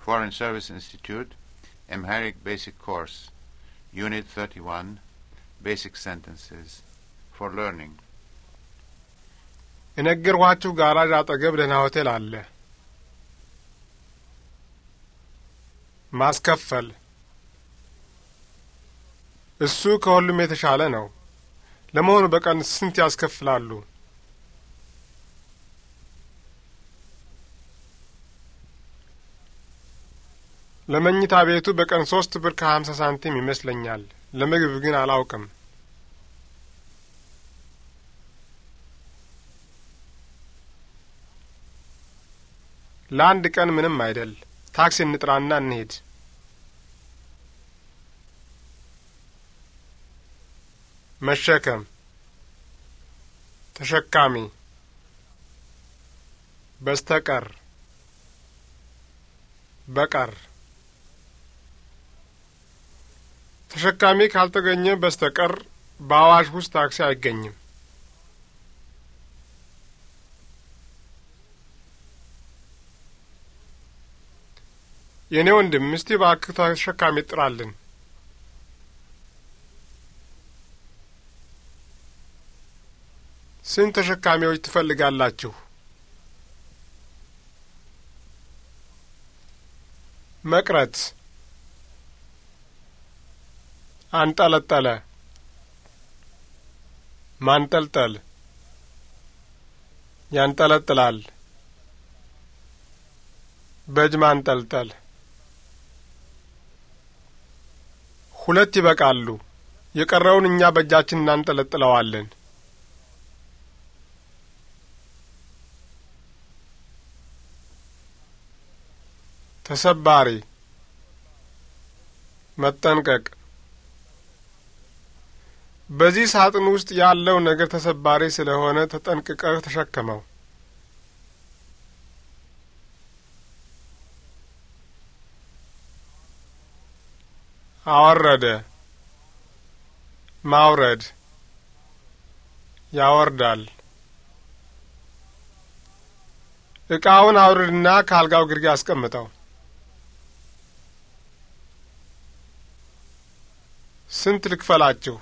Foreign Service Institute, Amharic Basic Course, Unit 31, Basic Sentences, for Learning. እነግርኋችሁ ጋራዥ አጠገብ ደህና ሆቴል አለ። ማስከፈል እሱ ከሁሉም የተሻለ ነው። ለመሆኑ በቀን ስንት ያስከፍላሉ? ለመኝታ ቤቱ በቀን ሶስት ብር ከሀምሳ ሳንቲም ይመስለኛል። ለምግብ ግን አላውቅም። ለአንድ ቀን ምንም አይደል። ታክሲ እንጥራና እንሄድ። መሸከም፣ ተሸካሚ፣ በስተቀር፣ በቀር ተሸካሚ ካልተገኘ በስተቀር በአዋሽ ውስጥ ታክሲ አይገኝም። የእኔ ወንድም እስቲ እባክህ ተሸካሚ ጥራልን። ስንት ተሸካሚዎች ትፈልጋላችሁ? መቅረት አንጠለጠለ፣ ማንጠልጠል፣ ያንጠለጥላል፣ በእጅ ማንጠልጠል። ሁለት ይበቃሉ። የቀረውን እኛ በእጃችን እናንጠለጥለዋለን። ተሰባሪ መጠንቀቅ በዚህ ሳጥን ውስጥ ያለው ነገር ተሰባሪ ስለሆነ ተጠንቅቀህ ተሸከመው። አወረደ፣ ማውረድ፣ ያወርዳል። እቃውን አውርድና ከአልጋው ግርጌ አስቀምጠው። ስንት ልክፈላችሁ?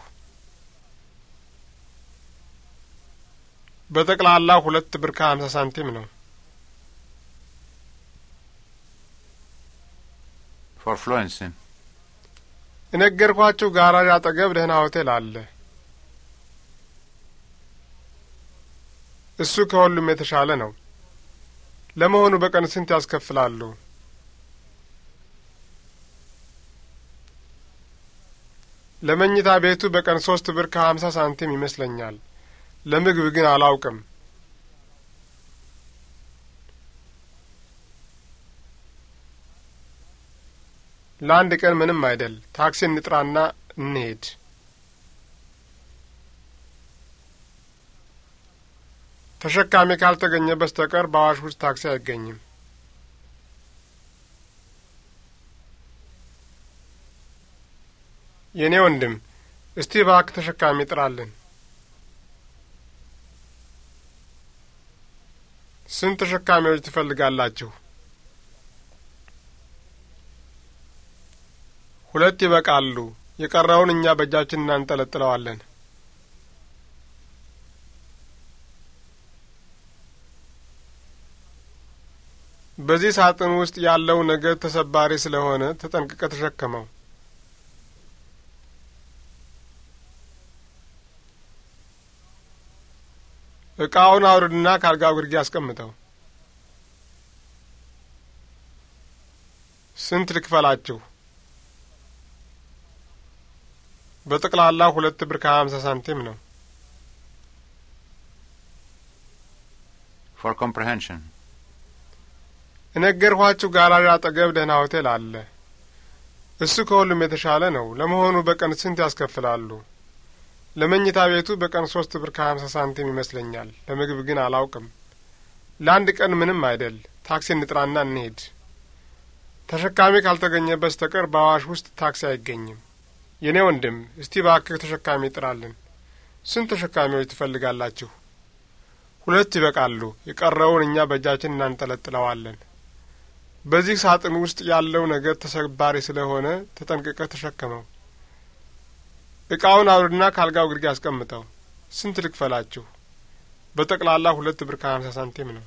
በጠቅላላ ሁለት ብር ከሀምሳ ሳንቲም ነው። ፎር ፍሎንስን የነገርኳችሁ ጋራዥ አጠገብ ደህና ሆቴል አለ። እሱ ከሁሉም የተሻለ ነው። ለመሆኑ በቀን ስንት ያስከፍላሉ? ለመኝታ ቤቱ በቀን ሶስት ብር ከሀምሳ ሳንቲም ይመስለኛል። ለምግብ ግን አላውቅም። ለአንድ ቀን ምንም አይደል። ታክሲ እንጥራና እንሄድ። ተሸካሚ ካልተገኘ በስተቀር በአዋሽ ውስጥ ታክሲ አይገኝም። የእኔ ወንድም፣ እስቲ እባክህ ተሸካሚ ጥራልን። ስንት ተሸካሚዎች ትፈልጋላችሁ? ሁለት ይበቃሉ። የቀረውን እኛ በእጃችን እናንጠለጥለዋለን። በዚህ ሳጥን ውስጥ ያለው ነገር ተሰባሪ ስለሆነ ተጠንቅቀ ተሸከመው። እቃውን አውርድና ካልጋው ግርጌ አስቀምጠው። ስንት ልክፈላችሁ? በጠቅላላ ሁለት ብር ከሀምሳ ሳንቲም ነው። ፎር ኮምፕሬንሽን እነገርኋችሁ። ጋላሪ አጠገብ ደህና ሆቴል አለ። እሱ ከሁሉም የተሻለ ነው። ለመሆኑ በቀን ስንት ያስከፍላሉ? ለመኝታ ቤቱ በቀን ሶስት ብር ከሀምሳ ሳንቲም ይመስለኛል። ለምግብ ግን አላውቅም። ለአንድ ቀን ምንም አይደል። ታክሲ እንጥራና እንሄድ። ተሸካሚ ካልተገኘ በስተቀር በአዋሽ ውስጥ ታክሲ አይገኝም። የእኔ ወንድም፣ እስቲ ባክህ ተሸካሚ ይጥራልን? ስንት ተሸካሚዎች ትፈልጋላችሁ? ሁለት ይበቃሉ። የቀረውን እኛ በእጃችን እናንጠለጥለዋለን። በዚህ ሳጥን ውስጥ ያለው ነገር ተሰባሪ ስለሆነ ተጠንቅቀህ ተሸክመው? እቃውን አውርድና ካልጋው ግርጌ አስቀምጠው። ስንት ልክፈላችሁ? በጠቅላላ ሁለት ብር ከሀምሳ ሳንቲም ነው።